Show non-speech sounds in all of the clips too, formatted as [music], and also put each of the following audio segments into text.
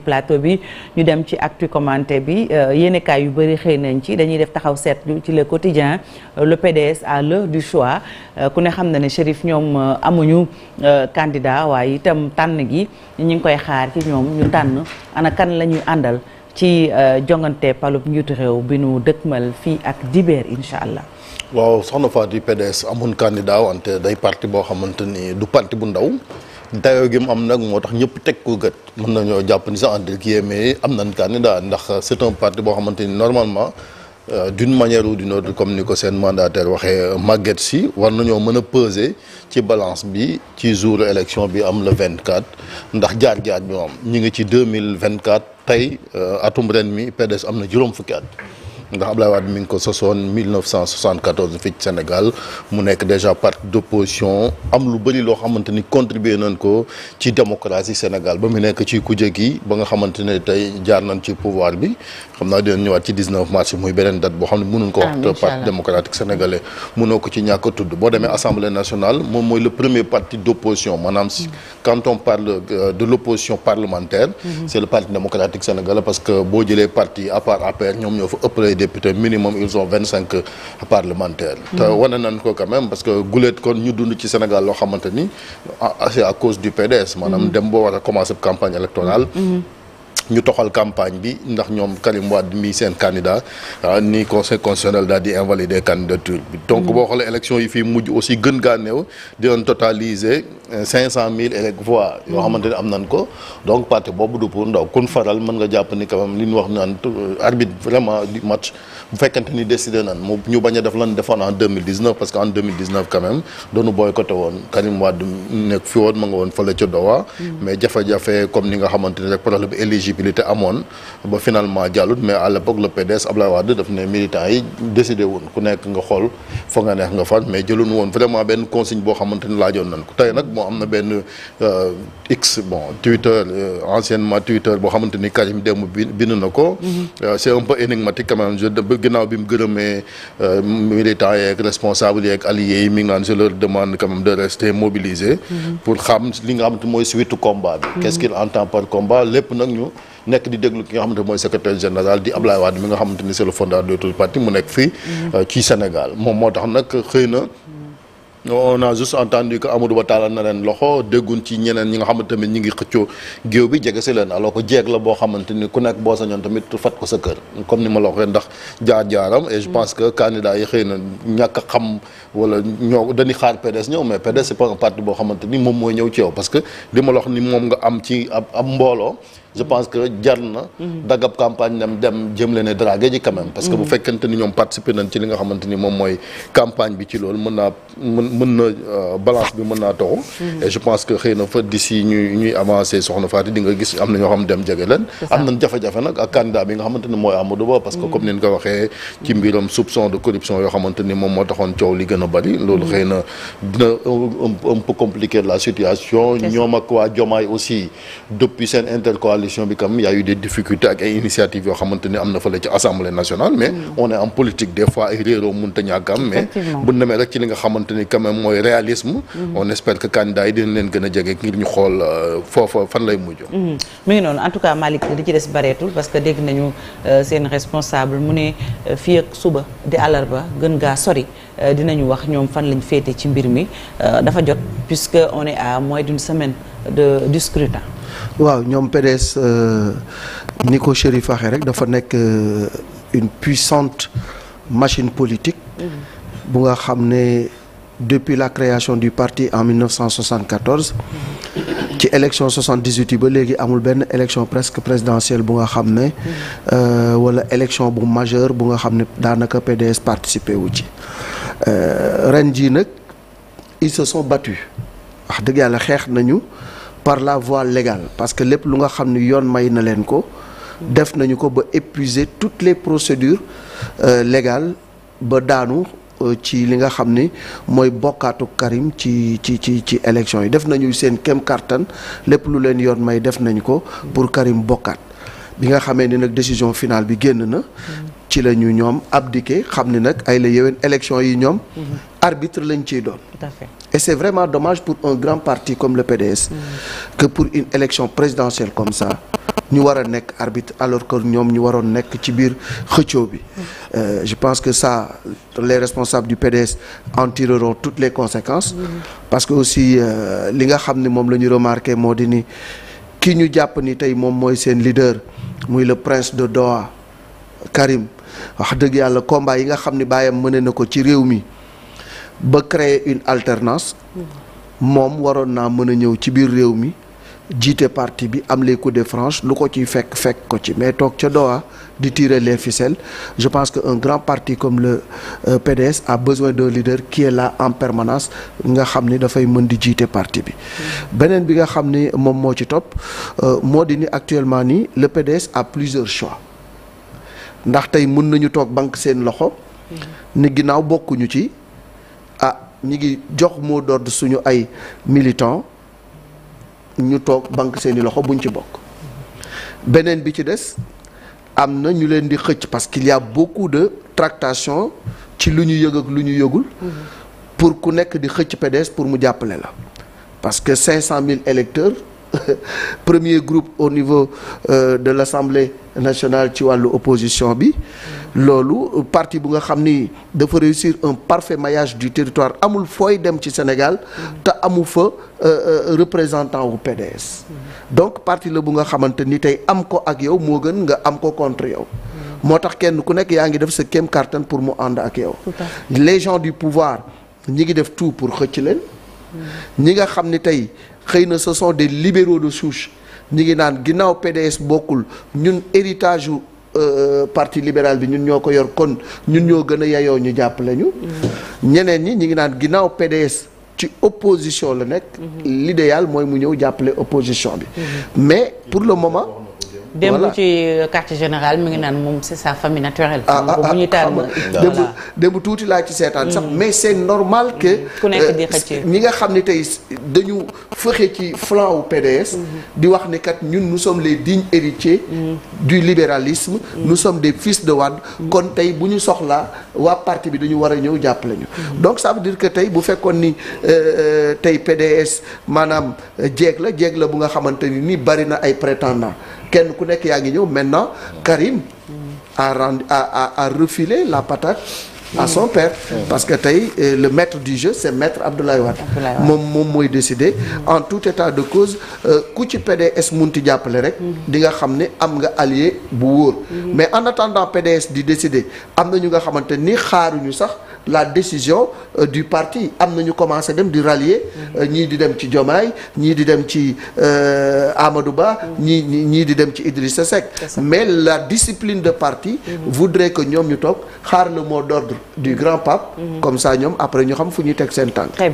plateau bi ñu dem ci actu commenté bi euh, yéenekaay yu bëri xëy nañ ci dañuy def taxaw seet ci le quotidien euh, le PDS à l'heure du choix euh, ku ne xam na ne Chérif ñoom amuñu candidat waaye itam tànn gi ñu ngi koy xaar ci ñoom ñu tànn ana kan la ñuy àndal ci jongante palub njiitu réew bi nu dëkkmal fii ak dibeer incha allah. waaw soxna Fatou PDS amoon candidat wante day parti boo xamante ni du parti bu ndaw. dayoo gi mu am nag moo tax ñëpp teg ko gët mën nañoo jàpp ni sax entre guillemets mais am ni candidat ndax c'est un parti boo xamante ni normalement euh, d'une manière ou d'une autre comme ni ko seen mandataire waxee màgget si war nañoo mën a peser ci balance bi ci jour élection bi am vingt quatre ndax jaar-jaar bi moom ñu ngi ci 2024 tey euh, atum ren mi PDS am na juróom fukki at ndax Ablaye Wade mi ngi ko sosoon fii Sénégal mu nekk déjà parti d'opposition am lu bëri loo xamante ni contribué nañ ko ci démocratie Sénégal ba mu nekk ci kuje gi ba nga xamante ne tey jaar nañ ci pouvoir bi xam naa dinañ ñëwaat ci mars muy beneen date boo xam ne mënuñ ko wax te démocratique sénégalais mënoo ko ci ñàkk tudd boo demee assemblée nationale moom mooy le premier parti d'opposition maanaam si quand parle euh, de l'opposition parlementaire mhm. députés minimum ils ont vingt cinq parlementaires. Mm. te wane nañ ko quand même parce que guleet kon ñu dund ci Sénégal loo xamante ni ah, ah, c'est à cause du PDS. maanaam mm. dem boo war a commencer campagne électorale. Mm. ñu toxal campagne bi ndax ñoom Karim Wade mi seen candidat ah, ni conseil constitutionnel daal di invalider candidature bi. donc mm. boo xoolee euh, mm. am nañ ko donc parti boobu du ndaw kun faral mën nga jàpp ni quand li ñu wax naan euh, arbitre vraiment match bu fekkente ni décidé nan ñu bañ a def lan defoon en parce que en deux doonu boycotté woon Karim Wade nekk fi woon ma nga woon fële ca Doha. Mm. mais jafe-jafe comme ni nga xamante ne rek problème éligible éligibilité amoon ba finalement jàllut mais à l'époque le PDS Ablaye Wade daf ne militants yi décidé woon ku nekk nga xool foog neex nga faat mais jëlun woon vraiment benn consigne boo xamante ni laajoon nañ ko tey nag moo am na benn euh, X Twitter euh, anciennement Twitter boo xamante ni Karim démb bi bind na ko mhm. euh, c'est un peu énigmatique quand même je ginnaaw bi mu gërëmee militants yeeg responsables yeeg alliés yi mi ngi naan leur demande quand de rester mobilisés mhm. pour xam li nga xamante mooy suite combat bi mhm. qu'est-ce qu'il entend nekk di déglu ki nga xamante mooy secrétaire général di Ablaye Wade mi nga xamante ni c'est le fondateur du parti mu nekk fii mhm. euh, ci Sénégal moom moo tax nag xëy na on a juste entendu que Amadou Ba taalal na leen loxo déggun ci ñeneen ñi nga xamante tamit ñi ngi xëccoo géew bi jege si leen alors que jeeg la boo xamante ni ku nekk boo sañoon tamit fat ko sa comme ni ma la waxee ndax jaar mhm. pense que candidat yi xëy na ñàkk a xam wala ñoo dañuy xaar PDS ñëw mais PDS c'est pas boo xamante ni moom mooy ñëw ci yow parce que li ma la wax ni moom nga am ci ab ab mbooloo je pense que jar na. dagab campagne dem dem jëm leen a dragué ji parce que bu fekkente ni ñoom participer nañ ci li nga xamante ni moom mooy campagne bi ci loolu mën naa mën mën na euh, balance bi mën naa taxu. e je pense que xëy na fa d'ici ñuy ñuy avancer soxna Fatou di nga gis am na ñoo xam dem jege leen. am nañ jafe-jafe nag ak candidat bi nga xamante ni mooy Amadou Ba. parce que comme ni ñu ko waxee ci mbiram soupçon de corruption yoo xamante ni moom moo taxoon coow li gën a bari. loolu xëy na la situation. ñoom ak waa Jomaay aussi depuis seen intercoalition coalition bi kam y a eu des difficultés ak ay initiatives yoo xamante ni am na fële ci assemblée nationale mais mm. on est politique des ay réeroo mënta ñàkk am mais bu demee rek ci li nga xamante ni mooy réalisme mm-hmm. on espère que candidat yi leen gën a jege ngir ñu xool euh, fan lay mujj mm-hmm. mi ngi noonu en tout cas Malick li ci des bareetul parce que dégg nañu euh, seen responsable mu ne euh, fii ak suba di àllarba gën gaa sori dinañu wax ñoom fan lañ féete ci mbir mi waaw ñoom PDS euh, ni ko Chérif waxee rek dafa nekk euh, une puissante machine politique bu nga xam ne depuis la création du parti en 1974 ci élection 78 yi ba léegi amul benn élection presque présidentielle bu nga xam ne euh, wala élection bu majeure bu nga xam ne daanaka PDS participer wu ci ren ji nag ils se sont battus wax dëgg yàlla xeex nañu par la voie légale parce que lépp lu nga xam ni yoon may na leen ko def nañu ko ba épuiser toutes les procédures euh, légales ba daanu euh, ci li nga xam ni mooy bokkaatu Karim ci ci ci ci élection yi def nañu seen kem kartan lépp lu leen yoon may def nañu ko pour Karim bokkaat bi nga xamee ni nag décision finale bi génn na ci la ñoom abdiqué xam ni nag ay la yéwén élection yi ñoom mm-hmm. arbitre lañ ciy doon c'est vraiment dommage pour un grand parti comme le PDS que pour une élection présidentielle comme ça ñu war a nekk arbitre alors ko ñoom ñu waroon nekk ci biir xëccoo bi euh, je pense que ça les responsables du PDS en tireront toutes les conséquences parce que aussi euh, li nga xam ne moom la ñu remarqué moo di nii ki ñu jàpp ni tey moom mooy seen leader muy le prince de Doha Karim wax dëgg yàlla combat yi nga xam ni baayam mëne na ko ci réew mi ba créer une alternance moom waroon naa mën a ñëw ci biir réew mi jiite parti bi am les coups de franche lu ko ci fekk fekk ko ci mais toog ca Doha di tirer les ficelles je pense que un grand parti comme le euh, PDS a besoin d'un leader qui est là en permanence nga xam ni dafay mën di jiite parti bi. beneen bi nga xam ni moom moo ci topp euh, moo di ni actuellement nii le PDS a plusieurs choix ndax tey mën nañu toog bank seen loxo. ni ginnaaw bokkuñu ci. ah ñi ngi jox mot d'ordre suñu ay militants ñu toog banque seeni loxo buñ ci bokk beneen bi ci des am na ñu leen di xëcc parce qu'il y a beaucoup de tractations ci lu ñu yëg ak lu ñu yëgul mm-hmm. pour ku nekk di xëcc pedes pour mu jàppale la parce que cinq cent mille électeurs [laughs] premier groupe au niveau euh, de l'Assemblée nationale ci wàllu opposition bi mm-hmm. loolu partie bu nga xam ni dafa réussir un parfait maillage du territoire amul fooy dem ci Sénégal te amu fa euh, euh, représentant wu PDS donc parti la bu nga xamante ni tey am ko ak yow moo gën nga am ko contre yow moo tax kenn ku nekk yaa ngi def sa kem kartan pour mu ànd ak yow les gens du pouvoir ñi ngi def tout pour xëcc leen ñi nga xam ni tey xëy na sa sont des libéraux de souche ñi ngi naan ginnaaw PDS bokkul ñun héritage Euh, parti libéral bi ñun ñoo ko yor kon ñun ñoo gën a yayoo ñu jàppale ñu. ñeneen ñi ñu ngi naan ginnaaw PDS ci opposition la nekk. Mhm. l'idéal mooy mu ñëw jàppale opposition bi. Mhm. mais pour le moment. voilà démb ci quartier général mi ngi naan moom c'est sa famille naturelle. ah ah ah démb démb tuuti laa ci seetaan sax mm. mais c'est normal que. Mm. ku nekk di euh, xëccee ñi nga xam ne tey dañu fexe ci flanc wu PDS. Mm-hmm. di wax ne kat ñun nous sommes les dignes héritiers. Mm. du libéralisme. nous sommes des fils de Wade. kon tey bu ñu soxlaa waa parti bi dañu war a ñëw jàppale ñu. Mm-hmm. donc ça veut dire que tey bu fekkoon ni euh, euh, tey PDS maanaam jeeg la jeeg la bu nga xamante ni bari na ay prétendants. kenn ku nekk yaa ngi ñëw maintenant Karim a rendu a a refilé la patate à son père parce que tey euh, le maître du jeu c'est maître Abdoulaye Wade moom moom mooy décidé mm-hmm. en tout état de cause euh, ku ci PDS munti jàppale rek mm-hmm. di nga xam ne am nga allié bu wóor mm-hmm. mais en attendant PDS di décider am na ñu nga xamante ni xaaruñu sax la décision euh, du parti am na ñu commencé dem di rallier. Mhm. Euh, ñii di dem ci Diomaye ñii di dem ci euh, Amadou Ba. Mhm. ñii ñii di dem ci Idrissa Seck. mais la discipline de parti. Mhm. voudrait que ñoom ñu toog xaar le mot d'ordre du grand pape. comme ça ñoom après ñu xam fu ñuy teg seen tànk. très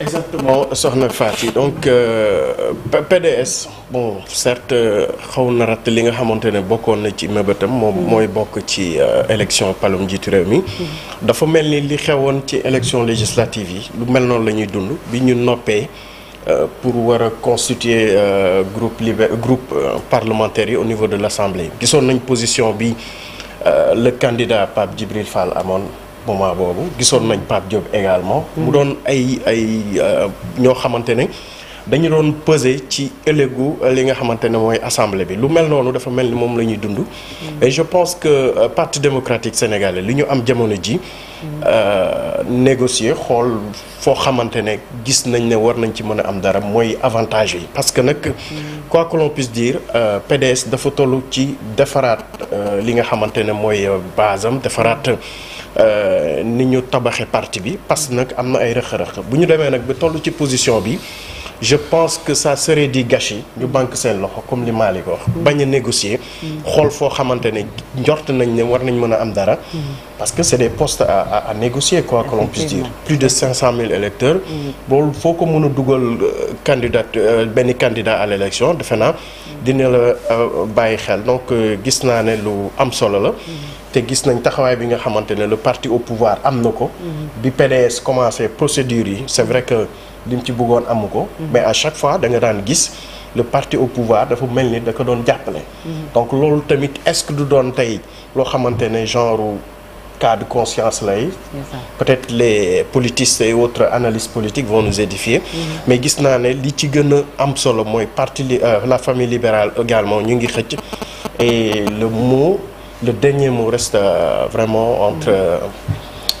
exactement soxna Faty donc euh, PDS bon certes euh, xaw na ratt li nga xamante ne bokkoon na ci mébétam moom mm-hmm. mooy bokk ci euh, élection palum njiitu réew mi mm-hmm. dafa mel ni li xewoon ci élection législative yi lu mel noonu la ñuy dund bi ñu noppee euh, pour war a constituer euh, groupe libé groupe euh, parlementaire yi au niveau de l'Assemblée gisoon nañ position bi le candidat Pape Djibril Fall amoon moment boobu gisoon nañ Pape Diop également. mu doon ay ay euh, ñoo xamante ne dañu doon peser ci ëllëgu euh, li nga xamante ne mooy assemblée bi lu mel noonu dafa mel ni moom la ñuy dund. Mm. et je pense que euh, parti démocratique sénégalais li ñu am jamono ji. Mm. négocier xool foo xamante ne gis nañ ne war nañ ci mën a am dara mooy avantage yi parce que nag. Mm. quoi que l'on puisse PDS dafa toll ci defaraat li nga xamante ne mooy basam defaraat. Euh, ni ñu tabaxe parti bi parce que nag am na ay rëq-rëq bu ñu demee nag ba toll ci position bi je pense que ça serait di gâchis ñu banque seen loxo comme li Malick wax bañ a négocier xool foo xamante ne njort nañ ne war nañ mën a am dara parce que c'est des post à, à, à négocier quoi que l'on puisse dire plus de 500 000 électeurs boolu mm. foo ko mën a dugal euh, candidat euh, benn candidat à l'élection defe naa dina la bàyyi xel donc gis naa ne lu am solo la mm. te gis nañ taxawaay bi nga xamante ne le parti au pouvoir am na ko. Mhm. bi PDS commencé procédure yi c'est vrai que lim ci bëggoon amu ko. Mhm. mais à chaque fois da daan gis le parti au pouvoir dafa mel ni da ko doon jàppale. Mhm. donc loolu tamit est-ce que du doon tey loo xamante ne genre cas de conscience lay. peut-être les politistes et autres analystes politiques vont nous édifier. mais gis naa ne li ci gën am solo mooy parti euh, la famille libérale également ñu ngi xëcc. le dernier mot reste euh, vraiment entre euh,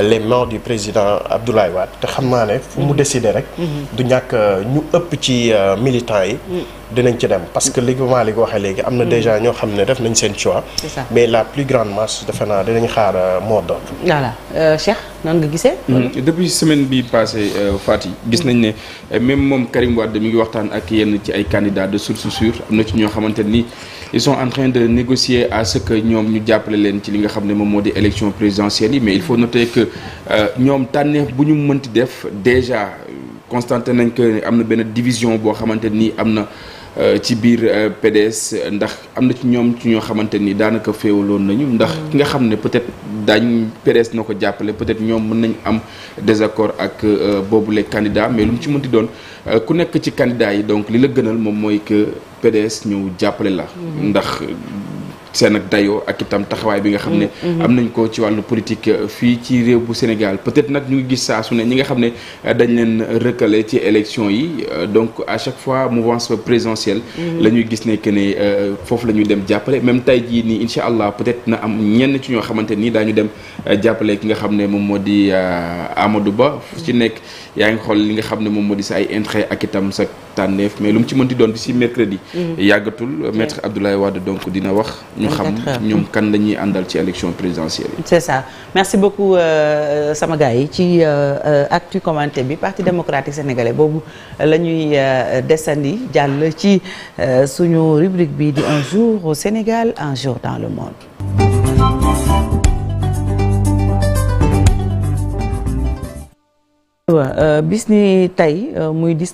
les mains du président Abdoulaye Wade te xam naa ne fu mu mm-hmm. décider rek. Mm-hmm. du ñàkk euh, ñu ëpp ci militants yi. Mm. dinañ ci dem parce que li Malick waxee léegi am na mm. déjà ñoo xam ne def nañ seen choix. mais la plus grande masse defe naa dinañ xaar euh, mot d'ordre. voilà euh, Cheikh nan nga gisee. Mm. depuis semaine bi euh, faat yi gis nañ ne même moom Karim Wade mi ngi waxtaan ak yenn ci ay candidats de source sûre am na ci ñoo xamante ni ils sont en train de négocier à ce que ñoom ñu jàppale leen ci li nga xam ne moom moo di élection présidentielle yi mais il faut noter ñoom tànneef bu ñu mënti def déjà constaté nañ que am na benn division boo xamante ni am na. Euh, ci biir euh, PDS ndax am na ci ñoom ci ñoo xamante nii daanaka féewaloon nañu ndax mm. ki nga xam ne peut-être daañ PDS na ko jàppale peut-être ñoom mën nañ am désaccord ak euh, boobu les candidats mais lu mu ci mënti doon ku nekk ci candidats yi donc li la gënal moom mooy que PDS ñëw jàppale la mm-hmm. ndax seen ak dayoo ak itam taxawaay bi nga xam ne mm, mm-hmm. am nañ ko ci wàllu politique euh, fii ci réew bu Sénégal peut-être nag ñu ngi gis saa su ne ñi nga xam ne euh, dañu leen recalé ci élection yi euh, donc à chaque fois mouvance présidentielle mm-hmm. la ñuy gis ne que ne foofu la ñuy dem jàppale même tey jii nii incha allah peut-être na am ñenn ci ñoo xamante nii daañu dem jàppale ki nga xam ne moom moo di Amadou Ba fu ci nekk yaa ngi xool li nga xam ne moom moo di sa ay intérêt ak itam sa tànneef mais lu mu ci mënti doon d'ici mercredi. Mm-hmm. yàggatul maître Abdoulaye Wade donc dina wax. ñu xam ñoom kan la ñuy àndal ci élection présidentielle yi. c'est ça merci beaucoup euh, euh, sama gars yi ci euh, actu commenté bi parti démocratique sénégalais boobu la ñuy desandi jàll ci suñu rubrique bi di un jour au Sénégal un jour dans le monde.